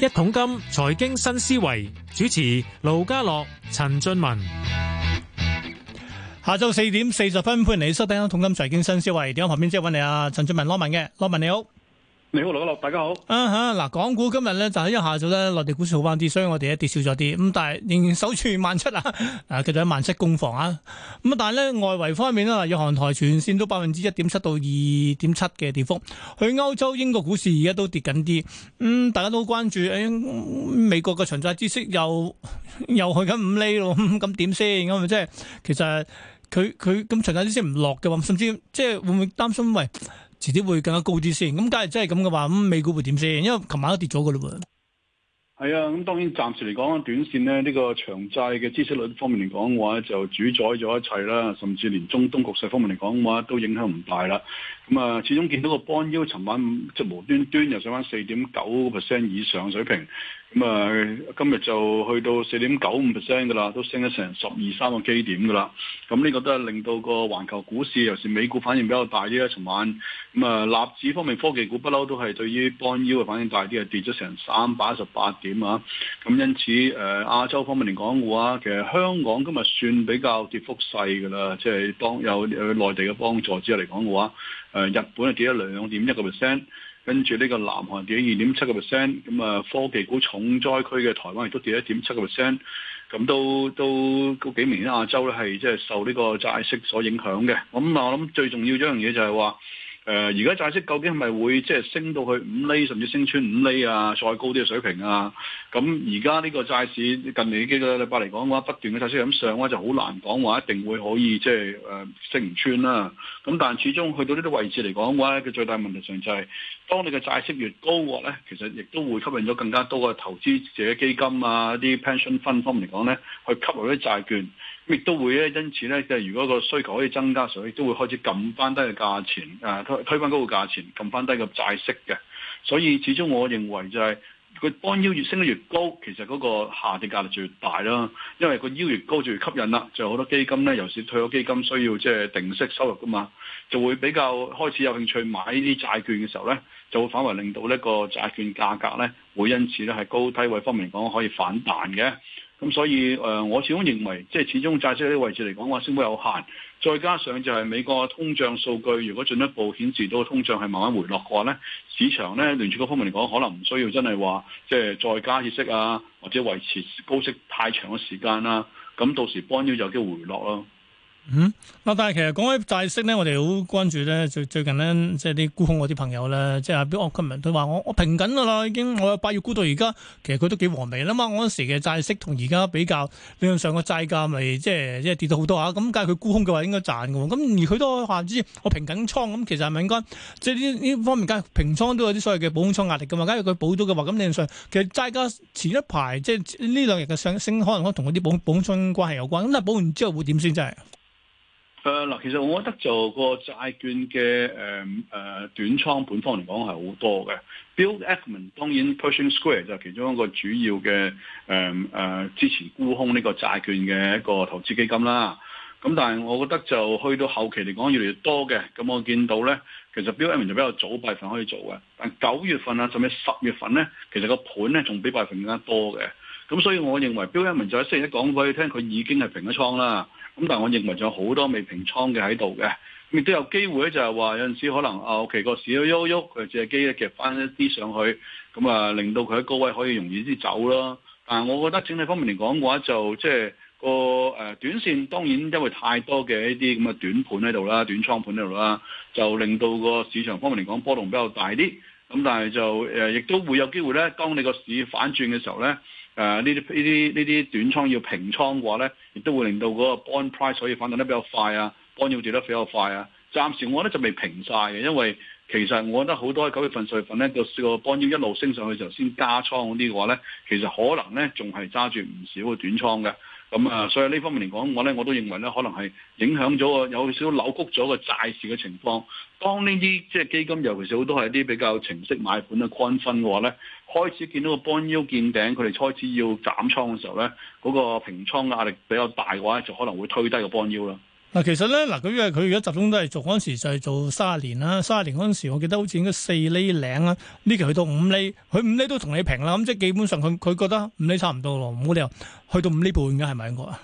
一桶金財經新思維主持盧家樂、陳俊文，下晝四點四十分歡迎你收聽《一桶金財經新思維》樣，電話旁邊即係揾你啊，陳俊文羅文嘅羅文你好。你好，大家好。啊哈，嗱、啊，港股今日咧就喺、是、一下早咧，內地股市好翻啲，所以我哋一跌少咗啲。咁但係仍然守住萬七啊，嗱、啊，繼續喺萬七攻防啊。咁啊，但係咧外圍方面咧，嗱、啊，日韓台全線都百分之一點七到二點七嘅跌幅。去歐洲、英國股市而家都跌緊啲。咁、嗯、大家都關注，哎、美國嘅長債孳息又又去緊五厘咯。咁咁點先？咁咪即係其實佢佢咁長債孳息唔落嘅話，甚至即係會唔會擔心喂？遲啲會更加高啲先，咁假如真係咁嘅話，咁美股會點先？因為琴晚都跌咗嘅嘞喎。係啊，咁當然暫時嚟講，短線咧呢、這個長債嘅孳息率方面嚟講嘅話，就主宰咗一切啦，甚至連中東局勢方面嚟講嘅話，都影響唔大啦。咁啊，始終見到個邦腰，尋晚即係無端端又上翻四點九個 percent 以上水平。咁啊，今日就去到四點九五 percent 㗎啦，都升咗成十二三個基點㗎啦。咁、這、呢個都係令到個環球股市，尤其是美股反應比較大啲啦。尋晚咁啊，納、嗯、指方面科技股不嬲都係對於邦腰嘅反應大啲，係跌咗成三百一十八點啊。咁因此誒，亞、呃、洲方面嚟講嘅話，其實香港今日算比較跌幅細㗎啦，即係當有誒內地嘅幫助之下嚟講嘅話。誒，日本啊跌咗兩點一個 percent，跟住呢個南韓跌咗二點七個 percent，咁啊，科技股重災區嘅台灣亦都跌一點七個 percent，咁都都幾明顯，亞洲咧係即係受呢個債息所影響嘅。咁啊，我諗最重要一樣嘢就係話。誒，而家、呃、債息究竟係咪會即係升到去五厘，甚至升穿五厘啊？再高啲嘅水平啊？咁而家呢個債市近年呢幾個禮拜嚟講嘅話，不斷嘅債息咁上嘅話，就好難講話一定會可以即係誒升唔穿啦、啊。咁、嗯、但係始終去到呢啲位置嚟講嘅話，佢最大問題上就係、是，當你嘅債息越高咧，其實亦都會吸引咗更加多嘅投資者、基金啊、啲 Pension Fund 方面嚟講咧，去吸納啲債券。亦都會咧，因此咧，即係如果個需求可以增加，所以都會開始撳翻低嘅價錢，誒、呃、推推翻高個價錢，撳翻低個債息嘅。所以始終我認為就係佢彎腰越升得越高，其實嗰個下跌壓力就越大啦。因為個腰越高，就越吸引啦，就係好多基金咧，尤其是退休基金需要即係定息收入噶嘛，就會比較開始有興趣買呢啲債券嘅時候咧，就會反為令到個債呢個債券價格咧，會因此咧喺高低位方面講可以反彈嘅。咁所以，誒、呃，我始終認為，即係始終債息呢啲位置嚟講嘅話，升幅有限。再加上就係美國通脹數據，如果進一步顯示到通脹係慢慢回落嘅話咧，市場咧聯儲局方面嚟講，可能唔需要真係話，即係再加息息啊，或者維持高息太長嘅時間啦、啊。咁到時 bond 就叫回落咯。嗯，嗱，但係其實講起債息咧，我哋好關注咧，最最近咧，即係啲沽空嗰啲朋友咧，即係阿邊阿文，佢話我平緊噶啦，已經我八月沽到而家，其實佢都幾和味啦嘛。我嗰時嘅債息同而家比較，理論上個債價咪即係即係跌到好多啊。咁梗係佢沽空嘅話應該賺嘅，咁而佢都話知我平緊倉，咁其實係咪應該即係呢呢方面，梗係平倉都有啲所謂嘅保空倉壓力嘅嘛。假如佢保到嘅話，咁理論上其實債價前一排即係呢兩日嘅上升，可能同嗰啲保保倉關係有關。咁但係保完之後會點先真係？誒嗱、呃，其實我覺得做個債券嘅誒誒短倉，本方嚟講係好多嘅。Bill Ackman 當然 Pershing Square 就係其中一個主要嘅誒誒支持沽空呢個債券嘅一個投資基金啦。咁、嗯、但係我覺得就去到後期嚟講，越嚟越多嘅。咁我見到咧，其實 Bill Ackman 就比較早八月份可以做嘅，但九月份啊，甚至十月份咧，其實個盤咧仲比八月份更加多嘅。咁、嗯、所以，我認為標、e、一文就喺星期一講俾你聽，佢已經係平咗倉啦。咁但係，我認為仲有好多未平倉嘅喺度嘅，亦都有機會咧，就係話有陣時可能啊，其個市喐喐喐，借機咧夾翻一啲上去，咁、嗯、啊，令到佢喺高位可以容易啲走咯。但係，我覺得整體方面嚟講嘅話，就即係、就是、個誒、呃、短線，當然因為太多嘅一啲咁嘅短盤喺度啦、短倉盤喺度啦，就令到個市場方面嚟講波動比較大啲。咁、嗯、但係就誒，亦、呃、都會有機會咧，當你個市反轉嘅時候咧。誒呢啲呢啲呢啲短倉要平倉嘅話咧，亦都會令到嗰個 bond price 可以反彈得比較快啊，bond 要跌得比較快啊。暫時我覺得就未平晒嘅，因為其實我覺得好多九月份、十月份咧，個個 bond 要一路升上去嘅時候，先加倉嗰啲嘅話咧，其實可能咧仲係揸住唔少嘅短倉嘅。咁啊、嗯，所以呢方面嚟講，我咧我都認為咧，可能係影響咗個有少少扭曲咗個債市嘅情況。當呢啲即係基金，尤其是好多係啲比較程式買盤嘅，關分嘅話咧，開始見到個彎腰見頂，佢哋開始要減倉嘅時候咧，嗰、那個平倉壓力比較大嘅話咧，就可能會推低個彎腰啦。嗱，其實咧，嗱，佢因為佢而家集中都係做嗰陣時，就係做三十年啦，三十年嗰陣時，我記得好似應該四厘零啊，呢期去到五厘，佢五厘都同你平啦，咁即係基本上佢佢覺得五厘差唔多咯，冇理由去到五厘半嘅係咪啊？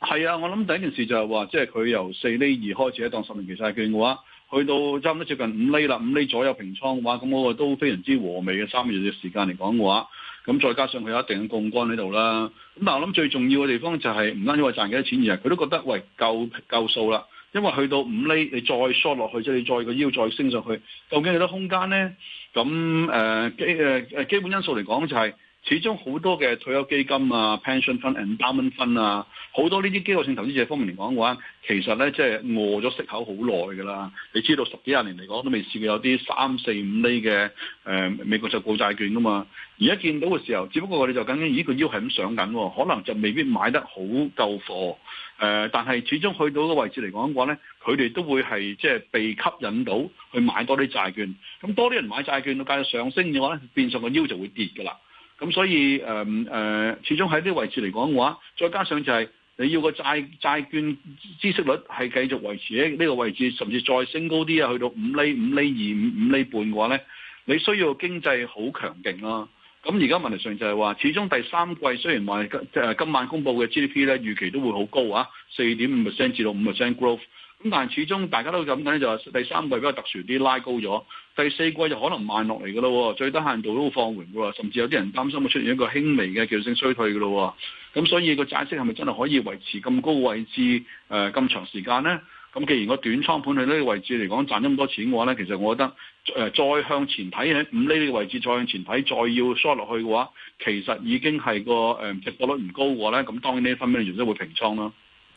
係啊，我諗第一件事就係話，即係佢由四厘二開始一檔十年期債券嘅話，去到差唔多接近五厘啦，五厘左右平倉嘅話，咁我都非常之和味嘅三個月嘅時間嚟講嘅話。咁再加上佢有一定嘅槓桿喺度啦，咁但係我諗最重要嘅地方就係、是、唔單止話賺幾多錢而，而係佢都覺得喂，夠夠數啦，因為去到五厘，你再縮落去即係你再個腰再升上去，究竟有幾多空間咧？咁誒基誒誒基本因素嚟講就係、是。始終好多嘅退休基金啊、pension fund、endowment fund 啊，好多呢啲機構性投資者方面嚟講嘅話，其實咧即係餓咗息口好耐㗎啦。你知道十幾廿年嚟講都未試過有啲三四五厘嘅誒、呃、美國債國債券㗎嘛？而家見到嘅時候，只不過佢哋就緊緊呢個腰係咁上緊、哦，可能就未必買得好夠貨。誒、呃，但係始終去到個位置嚟講嘅話咧，佢哋都會係即係被吸引到去買多啲債券。咁、嗯、多啲人買債券，價格上升嘅話咧，變相個腰就會跌㗎啦。咁所以誒誒、嗯呃，始終喺呢個位置嚟講嘅話，再加上就係你要個債債券孳息率係繼續維持喺呢個位置，甚至再升高啲啊，去到五厘五厘二五五厘半嘅話咧，你需要經濟好強勁咯。咁而家問題上就係話，始終第三季雖然話今誒今晚公布嘅 GDP 咧預期都會好高啊，四點五 percent 至到五 percent growth。咁但係始終大家都咁講就話、是、第三季比較特殊啲，拉高咗；第四季就可能慢落嚟嘅咯，最低限度都會放緩噶喎，甚至有啲人擔心會出現一個輕微嘅技術性衰退嘅咯。咁所以個債息係咪真係可以維持咁高位置？誒、呃，咁長時間呢？咁既然個短倉盤喺呢個位置嚟講賺咗咁多錢嘅話呢，其實我覺得誒再向前睇喺五厘呢個位置再向前睇，再要縮落去嘅話，其實已經係個誒值博率唔高嘅話呢。咁當然呢分批嘅人都會平倉啦。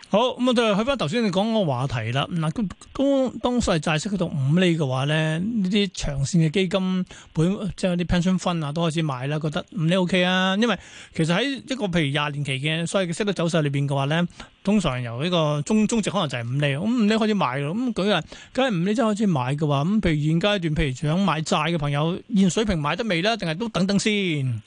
好，咁啊，就去開翻頭先你講個話題啦。嗱，當當當所謂債息嗰度五厘嘅話咧，呢啲長線嘅基金本即係啲 Pension Fund 啊，都開始買啦。覺得五厘 OK 啊，因為其實喺一個譬如廿年期嘅所謂嘅息率走勢裏邊嘅話咧，通常由呢個中中值可能就係五厘，咁五厘開始買，咁舉例，梗係五厘真開始買嘅話，咁譬如現階段譬如想買債嘅朋友，現水平買得未啦，定係都等等先？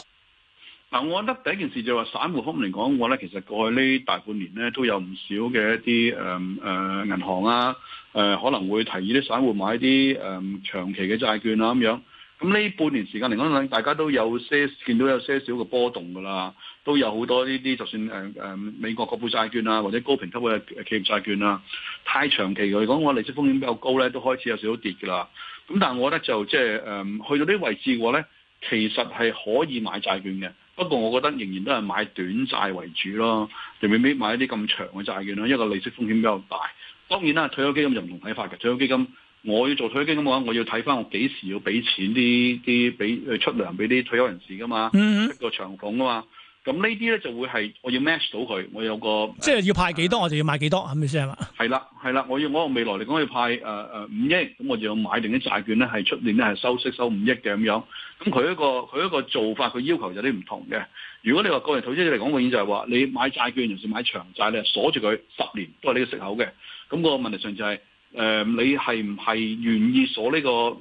嗱、啊，我覺得第一件事就話、是，散戶方面嚟講嘅話咧，其實過去呢大半年咧都有唔少嘅一啲誒誒銀行啊，誒、呃、可能會提議啲散戶買啲誒、嗯、長期嘅債券啊咁樣。咁、嗯、呢半年時間嚟講，大家都有些見到有些少嘅波動噶啦，都有好多呢啲就算誒誒、嗯嗯、美國國庫債券啊，或者高評級嘅企業債券啊，太長期嚟講，我覺得利息風險比較高咧，都開始有少少跌噶啦。咁、嗯、但係我覺得就即係誒去到呢啲位置嘅話咧，其實係可以買債券嘅。不過，我覺得仍然都係買短債為主咯，未必買一啲咁長嘅債券咯，因為個利息風險比較大。當然啦，退休基金就唔同睇法嘅。退休基金我要做退休基金嘅話，我要睇翻我幾時要俾錢啲啲俾去出糧俾啲退休人士噶嘛，一個長俸噶嘛。咁呢啲咧就會係我要 match 到佢，我有個即係要派幾多、呃、我就要買幾多係咪先係嘛？係啦係啦，我要我未來嚟講要派誒誒五億，咁我就要買定啲債券咧，係出年咧係收息收五億嘅咁樣。咁佢一個佢一個做法，佢要求有啲唔同嘅。如果你話個人投資者嚟講，永遠就係話你買債券還是買長債咧，鎖住佢十年都係呢個息口嘅。咁、那個問題上就係、是、誒、呃，你係唔係願意鎖呢、這個誒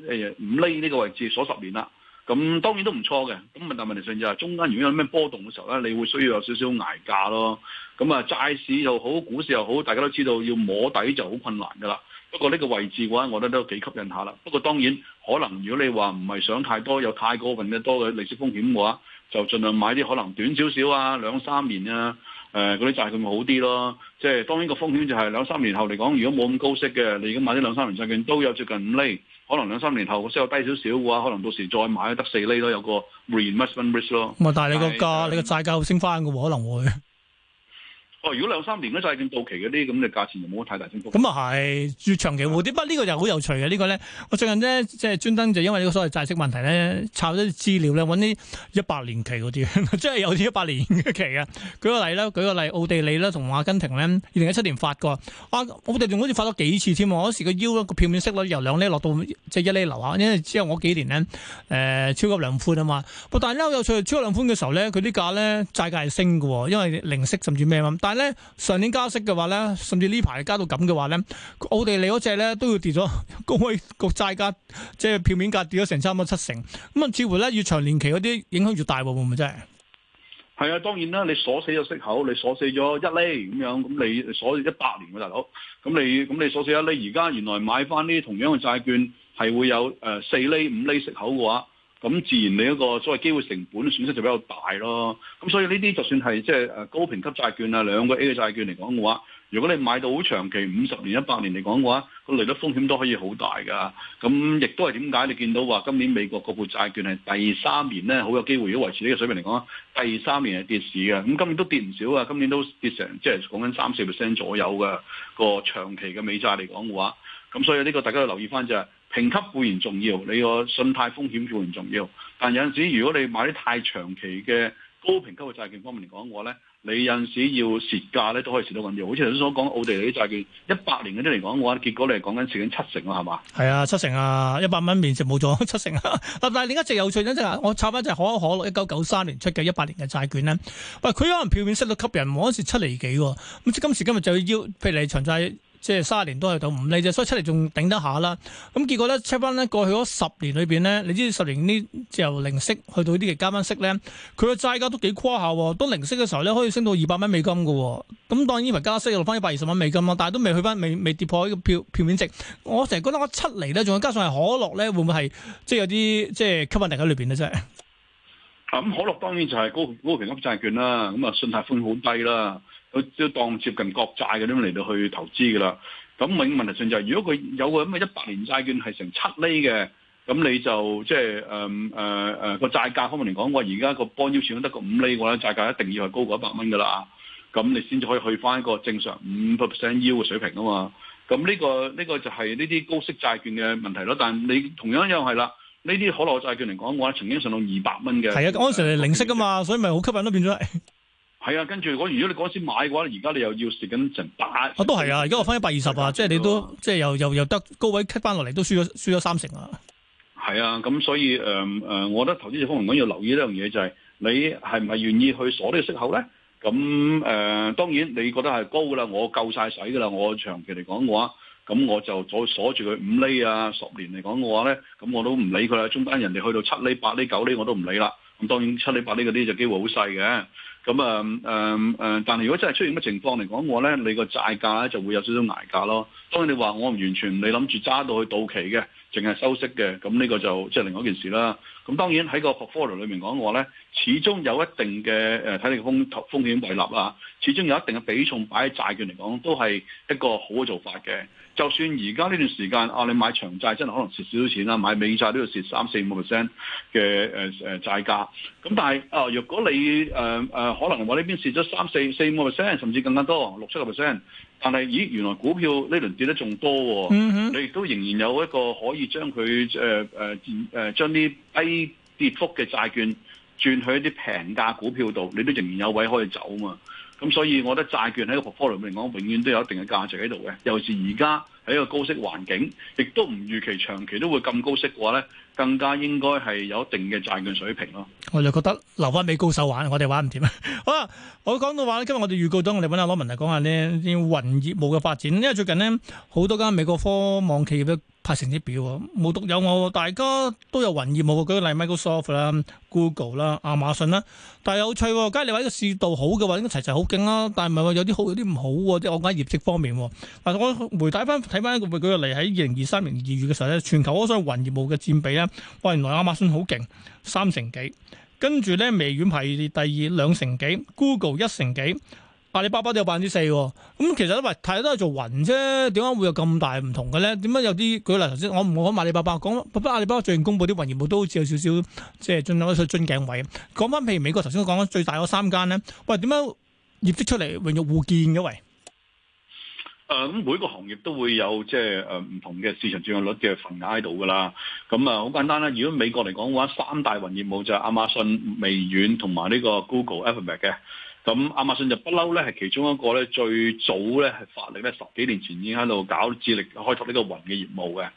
五厘呢個位置鎖十年啦？咁當然都唔錯嘅，咁但係問題上就係、是、中間如果有咩波動嘅時候咧，你會需要有少少捱價咯。咁、嗯、啊，債市又好，股市又好，大家都知道要摸底就好困難噶啦。不過呢個位置嘅話，我覺得都幾吸引下啦。不過當然可能如果你話唔係想太多，有太過份嘅多嘅利息風險嘅話，就盡量買啲可能短少少啊，兩三年啊，誒嗰啲債券會好啲咯。即係當然個風險就係兩三年後嚟講，如果冇咁高息嘅，你而家買啲兩三年債券都有接近五厘。可能兩三年後個息又低少少嘅話，可能到時再買得四厘咯，有個 reinvestment risk 咯。唔係，但係是你個價、你個債價會升返嘅喎，可能會。哦，如果兩三年嗰債券到期嗰啲咁嘅價錢就冇太大升幅。咁啊係，越長期冇啲。不過呢個就好有趣嘅、這個、呢個咧。我最近咧即係專登就是、因為呢個所謂債息問題咧，抄咗啲資料咧揾啲一百年期嗰啲，即 係有啲一百年期嘅、啊。舉個例啦，舉個例，奧地利啦同阿根廷咧，二零一七年發過。哇、啊，我哋仲好似發咗幾次添。我、啊、嗰時腰個 U 個票面息率由兩厘落到即係一厘樓下，因為之後我幾年咧誒、呃、超級量寬啊嘛。但係咧好有趣，超級量寬嘅時候咧，佢啲價咧債價係升嘅，因為零息甚至咩但係咧上年加息嘅話咧，甚至呢排加到咁嘅話咧，奧地利嗰隻咧都要跌咗，高位國債價即係票面價跌咗成差唔多七成。咁啊，似乎咧越長年期嗰啲影響越大喎，會唔會真係？係啊，當然啦，你鎖死咗息口，你鎖死咗一厘咁樣，咁你鎖一百年嘅大佬，咁你咁你鎖死一厘，而家原來買翻啲同樣嘅債券係會有誒四厘五厘息口嘅話，咁自然你一個所謂機會成本損失就比較大咯。咁所以呢啲就算係即係誒高評級債券啊，兩個 A 嘅債券嚟講嘅話，如果你買到好長期五十年、一百年嚟講嘅話，個利率風險都可以好大㗎。咁亦都係點解你見到話今年美國嗰部債券係第三年咧，好有機會如果維持呢個水平嚟講，第三年係跌市嘅。咁今年都跌唔少啊，今年都跌成即係講緊三四 percent 左右嘅個長期嘅美債嚟講嘅話，咁所以呢個大家要留意返就係、是。評級固然重要，你個信貸風險固然重要，但有陣時如果你買啲太長期嘅高評級嘅債券方面嚟講嘅話咧，你有陣時要蝕價咧都可以蝕到揾啲，好似頭先所講奧地利啲債券一百年嗰啲嚟講嘅話，結果你係講緊蝕緊七成啊，係嘛？係啊，七成啊，一百蚊面值冇咗七成啊！嗱， 但係另一隻有趣咧，即係我插翻隻可口可樂一九九三年出嘅一百年嘅債券咧，喂，佢可能票面息率吸引，我嗰時七厘幾喎、哦，咁即今時今日就要，譬如你長債。即係三十年都係到五厘啫，所以七厘仲頂得下啦。咁結果咧，出翻咧過去嗰十年裏邊咧，你知十年呢就零息去到息呢啲嘅加班息咧，佢個債價都幾誇下喎。當零息嘅時候咧，可以升到二百蚊美金嘅。咁當然因為加息落翻一百二十蚊美金啦，但係都未去翻，未未跌破呢個票票面值。我成日覺得我七厘咧，仲係加上係可樂咧，會唔會係即係有啲即係吸引力喺裏邊咧？啫、嗯。咁可樂當然就係高高評級債券啦，咁啊信貸風險好低啦。都要當接近國債嘅咁嚟到去投資嘅啦，咁問問題上就係、是、如果佢有個咁嘅一百年債券係成七厘嘅，咁你就即係誒誒誒個債價方面嚟講，我而家個 bond yield 得個五厘，我咧債價一定要係高過一百蚊嘅啦，咁你先至可以去翻一個正常五 percent yield 嘅水平啊嘛，咁呢、呢個呢、呢個就係呢啲高息債券嘅問題咯。但係你同樣一樣係啦，呢啲可樂債券嚟講，我曾經上到二百蚊嘅。係啊，當時係零息㗎嘛，所以咪好吸引都、啊、變咗係啊，跟住我，如果你嗰時買嘅話，而家你又要蝕緊成百。啊，都係啊，而家我翻一百二十啊，即係你都即係又又又得高位 cut 翻落嚟，都輸咗輸咗三成啦。係啊，咁所以誒誒、呃，我覺得投資者可能梗要留意呢樣嘢，就係你係唔係願意去鎖呢個息口咧？咁誒、呃，當然你覺得係高噶啦，我夠晒使噶啦，我長期嚟講嘅話，咁我就再鎖住佢五厘啊，十年嚟講嘅話咧，咁我都唔理佢啦。中間人哋去到七厘、八厘、九厘，九厘我都唔理啦。咁當然七厘、八厘嗰啲就機會好細嘅。咁啊，誒誒、嗯嗯，但係如果真係出現乜情況嚟講我呢，我咧你個債價咧就會有少少捱價咯。當然你話我唔完全，你諗住揸到去到期嘅，淨係收息嘅，咁呢個就即係、就是、另外一件事啦。咁、嗯、當然喺個 portfolio 裏面講話咧，始終有一定嘅誒睇你風風險位立啊，始終有一定嘅比重擺喺債券嚟講，都係一個好嘅做法嘅。就算而家呢段時間啊，你買長債真係可能蝕少少錢啦，買美債都要蝕三四五個 percent 嘅誒誒債價。咁、嗯、但係啊，若、呃、果你誒誒，呃呃呃可能我呢邊蝕咗三四四五個 percent，甚至更加多六七個 percent，但係咦，原來股票呢輪跌得仲多喎、哦。Mm hmm. 你亦都仍然有一個可以將佢誒誒誒將啲低跌幅嘅債券轉去一啲平價股票度，你都仍然有位可以走嘛。咁所以，我覺得債券喺個波幅嚟講，永遠都有一定嘅價值喺度嘅。尤其是而家喺一個高息環境，亦都唔預期長期都會咁高息嘅話咧。更加應該係有一定嘅賺緊水平咯。我就覺得留翻畀高手玩，我哋玩唔掂啊！ 好啦，我講到話咧，今日我哋預告到，我哋揾阿羅文嚟講下呢啲雲業務嘅發展。因為最近呢，好多間美國科網企業都拍成啲表喎，冇獨有我，大家都有雲業務。舉例，Microsoft 啦、Google 啦、亞馬遜啦。但係有趣，梗係你話呢個市道好嘅話，應該齊齊好勁啦。但係唔係話有啲好，有啲唔好喎。即我覺得業績方面。但係，我回睇翻睇翻佢佢嚟喺二零二三年二月嘅時候咧，全球嗰個雲業務嘅佔比咧。喂，原來亞馬遜好勁，三成幾，跟住咧微軟排列第二，兩成幾，Google 一成幾，阿里巴巴都有百分之四。咁其實都喂，睇都係做雲啫，點解會有咁大唔同嘅咧？點解有啲？舉例頭先，我唔我講阿里巴巴，講不阿里巴巴最近公布啲雲業務都好似有少少即係進咗一少樽頸位。講翻譬如美國頭先我講咗最大嗰三間咧，喂，點解業績出嚟榮辱互見嘅喂。誒、嗯、每個行業都會有即係誒唔同嘅市場佔有率嘅份額喺度㗎啦。咁啊好簡單啦。如果美國嚟講嘅話，三大雲業務就係亞馬遜、微軟同埋、嗯、呢個 Google、Alphabet 嘅。咁亞馬遜就不嬲咧，係其中一個咧最早咧係發力咧十幾年前已經喺度搞致力開拓呢個雲嘅業務嘅。咁、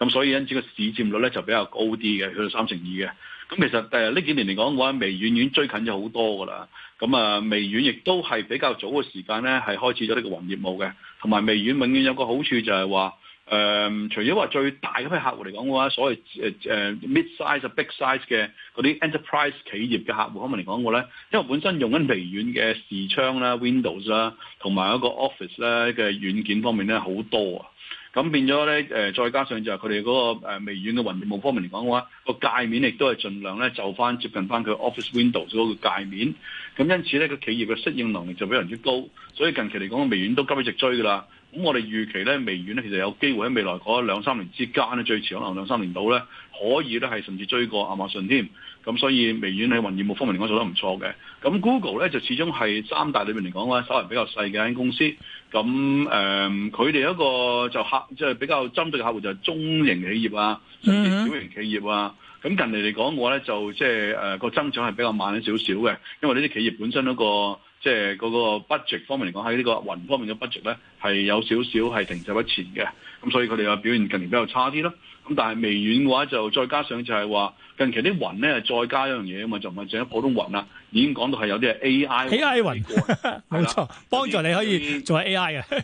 嗯、所以因此個市佔率咧就比較高啲嘅，去到三成二嘅。咁其實誒呢幾年嚟講嘅話，微軟已經追近咗好多㗎啦。咁啊，微軟亦都係比較早嘅時間咧，係開始咗呢個雲業務嘅，同埋微軟永遠有個好處就係話。誒，um, 除咗話最大嗰批客戶嚟講嘅話，所謂誒誒 mid size big size 嘅嗰啲 enterprise 企業嘅客戶方面嚟講嘅咧，因為本身用緊微軟嘅視窗啦、Windows 啦，同埋一個 Office 咧嘅軟件方面咧好多啊，咁變咗咧誒，再加上就係佢哋嗰個微軟嘅雲業務方面嚟講嘅話，個界面亦都係儘量咧就翻接近翻佢 Office Windows 嗰個界面，咁因此咧個企業嘅適應能力就比較之高，所以近期嚟講，微軟都急起直追噶啦。咁我哋預期咧，微軟咧其實有機會喺未來嗰兩三年之間咧，最遲可能兩三年度咧，可以咧係甚至追過亞馬遜添。咁所以微軟喺雲業務方面嚟講做得唔錯嘅。咁 Google 咧就始終係三大裏面嚟講咧，稍為比較細嘅一間公司。咁誒，佢、呃、哋一個就客即係、就是、比較針對嘅客戶就係中型企業啊，甚至小型企業啊。咁近嚟嚟講，我咧就即係誒個增長係比較慢一少少嘅，因為呢啲企業本身一個。即係嗰個 budget 方面嚟講，喺、這、呢個雲方面嘅 budget 咧，係有少少係停滯不前嘅。咁所以佢哋嘅表現近年比較差啲咯。咁但係微軟嘅話，就再加上就係話近期啲雲咧，再加一樣嘢啊嘛，就唔係淨係普通雲啦，已經講到係有啲係 AI。AI 雲係啦雲，幫助你可以做 AI 嘅。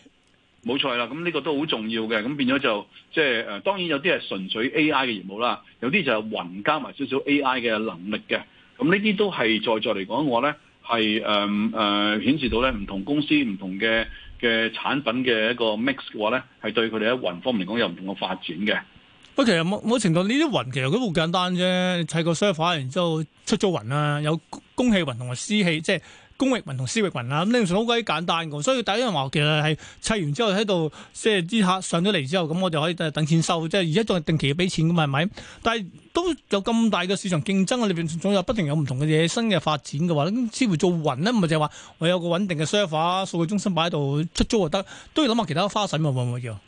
冇 錯啦，咁呢個都好重要嘅。咁變咗就即係誒，當然有啲係純粹 AI 嘅業務啦，有啲就係雲加埋少少 AI 嘅能力嘅。咁呢啲都係在座嚟講我咧。係誒、誒顯示到咧，唔同公司唔同嘅嘅產品嘅一個 mix 嘅話咧，係對佢哋喺雲方面嚟講有唔同嘅發展嘅。不過其實冇冇程度，呢啲雲其實都好簡單啫，砌個 server，然之後出租雲啦，有公氣雲同埋私氣，即係。公域雲同私域雲啊，咁另外好鬼簡單嘅，所以第一樣話其實係砌完之後喺度，即係啲客上咗嚟之後，咁我就可以等錢收，即係而家仲係定期俾錢嘅嘛，係咪？但係都有咁大嘅市場競爭，我裏邊總有不停有唔同嘅嘢新嘅發展嘅話，咁似乎做雲咧，咪就係話我有個穩定嘅 server 數據中心擺喺度出租就得，都要諗下其他花臣嘛，會唔會要？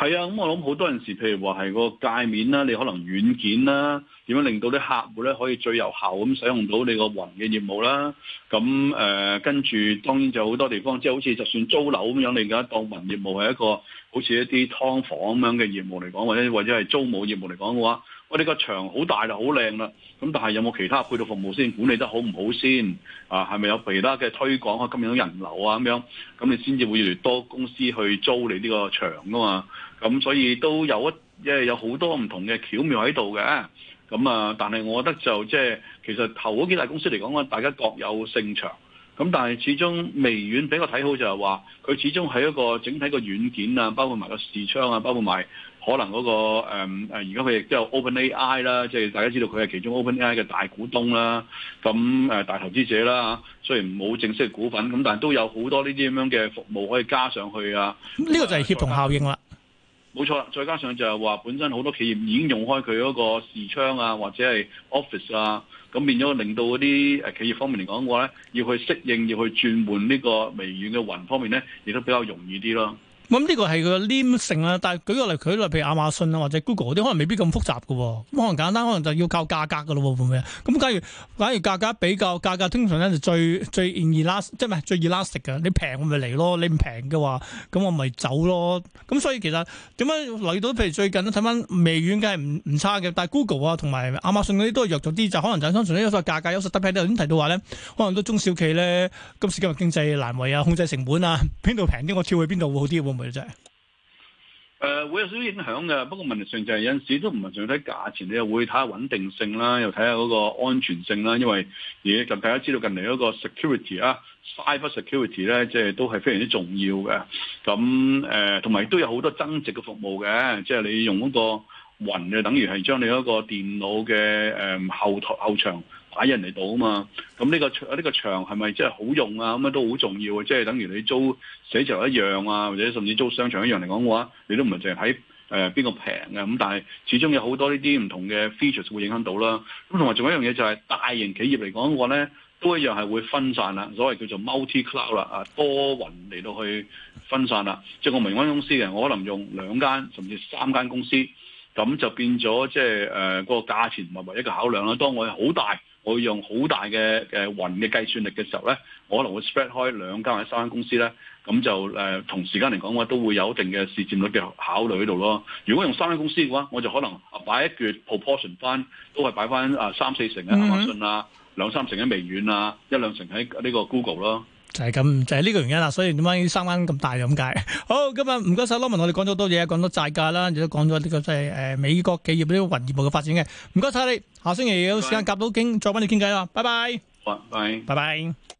係啊，咁我諗好多陣時，譬如話係個界面啦，你可能軟件啦，點樣令到啲客戶咧可以最有效咁使用到你個雲嘅業務啦。咁誒，跟住當然就好多地方，即係好似就算租樓咁樣，你而家當雲業務係一個好似一啲劏房咁樣嘅業務嚟講，或者或者係租務業務嚟講嘅話。我哋個場好大就好靚啦，咁但係有冇其他配套服務先？管理得好唔好先？啊，係咪有其他嘅推廣啊？吸引人流啊咁樣，咁你先至會越嚟多公司去租你呢個場噶嘛？咁、啊、所以都有一，即、啊、係有好多唔同嘅巧妙喺度嘅。咁啊，但係我覺得就即係其實頭嗰幾大公司嚟講啊，大家各有勝場。咁、啊、但係始終微軟畀我睇好就係話，佢始終係一個整體個軟件啊，包括埋個視窗啊，包括埋。可能嗰、嗰個誒而家佢亦都有 OpenAI 啦，即係大家知道佢係其中 OpenAI 嘅大股東啦，咁誒大投資者啦，雖然冇正式股份，咁但係都有好多呢啲咁樣嘅服務可以加上去啊。呢個就係協同效應啦。冇錯，再加上就係話本身好多企業已經用開佢嗰個視窗啊，或者係 Office 啊，咁變咗令到嗰啲誒企業方面嚟講嘅話咧，要去適應，要去轉換呢個微軟嘅雲方面咧，亦都比較容易啲咯。咁呢個係個黏性啊！但係舉個例，舉例譬如亞馬遜啊，或者 Google 嗰啲，可能未必咁複雜嘅喎，咁可能簡單，可能就要靠價格嘅咯，會唔會啊？咁假如假如價格比較，價格通常咧就最最容易拉，即係唔係最易拉食嘅？你平我咪嚟咯，你唔平嘅話，咁我咪走咯。咁所以其實點樣留意到？譬如最近咧，睇翻微軟梗係唔唔差嘅，但係 Google 啊，同埋亞馬遜嗰啲都係弱咗啲，就可能就係通常咧有份價格優勢得平啲。頭先提到話咧，可能都中小企咧今時今日經濟難為啊，控制成本啊，邊度平啲我跳去邊度會好啲喎。會佢真係，誒會有少少影響嘅，不過問題上就係有陣時都唔係純粹睇價錢，你又會睇下穩定性啦，又睇下嗰個安全性啦，因為而家大家知道近嚟嗰個 security 啊，cyber security 咧，即係都係非常之重要嘅。咁誒，同、呃、埋都有好多增值嘅服務嘅，即係你用嗰個雲就等於係將你嗰個電腦嘅誒後台後場。擺人嚟到啊嘛，咁呢個場呢個場係咪即係好用啊？咁啊都好重要啊！即係等於你租寫字樓一樣啊，或者甚至租商場一樣嚟講嘅話，你都唔係淨係睇誒邊個平嘅，咁但係始終有好多呢啲唔同嘅 features 會影響到啦。咁同埋仲有一樣嘢就係大型企業嚟講嘅話咧，都一樣係會分散啦，所謂叫做 multi cloud 啦，啊多雲嚟到去分散啦。即係我唔係用間公司嘅，我可能用兩間甚至三間公司。咁就變咗即係誒個價錢唔係唯一嘅考量啦。當我係好大，我用好大嘅誒、呃、雲嘅計算力嘅時候咧，我可能會 spread 開兩間或者三間公司咧。咁就誒、呃、同時間嚟講嘅話，都會有一定嘅市佔率嘅考慮喺度咯。如果用三間公司嘅話，我就可能擺一橛 proportion 翻，都係擺翻啊三四成嘅亞馬遜啊，hmm. 兩三成喺微軟啊，一兩成喺呢個 Google 咯。就係咁，就係、是、呢個原因啦。所以點解啲三蚊咁大就咁解？ 好，今日唔該晒，Loman，我哋講咗多嘢，講咗債價啦，亦都講咗呢個即係誒，美國企業啲雲業務嘅發展嘅。唔該晒你，下星期有時間夾到經，再搵你傾偈啦。拜拜，拜拜 bye，拜拜。